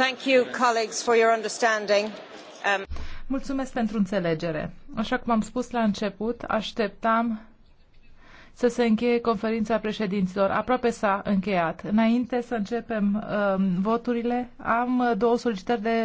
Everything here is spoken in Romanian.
Um, Mulțumesc pentru înțelegere. Așa cum am spus la început, așteptam să se încheie conferința președinților. Aproape s-a încheiat. Înainte să începem um, voturile, am uh, două solicitări de